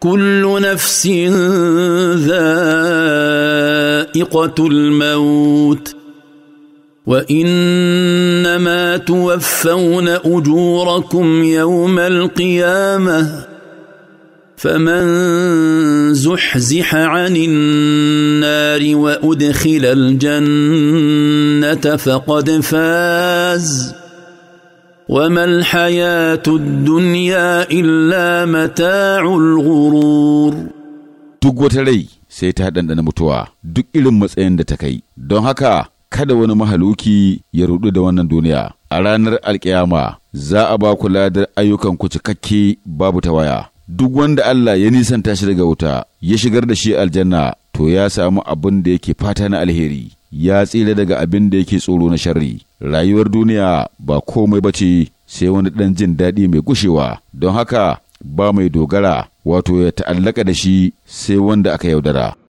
كل نفس ذائقه الموت وانما توفون اجوركم يوم القيامه فمن زحزح عن النار وادخل الجنه فقد فاز وما الحياة الدنيا illa متاع الغرور duk wata rai sai ta ɗanɗana mutuwa duk irin matsayin da ta kai don haka kada wani mahaluki ya rudu da wannan duniya a ranar alkiyama za a ba ku ladar ayyukan ku cikakke babu tawaya duk wanda Allah ya nisanta shi daga wuta ya shigar da shi aljanna to ya samu abin da yake fata na alheri ya tsira daga abin da yake tsoro na sharri rayuwar duniya ba komai ba ce sai wani ɗan jin daɗi mai gushewa don haka ba mai dogara wato ya ta'allaka da shi sai wanda aka yaudara.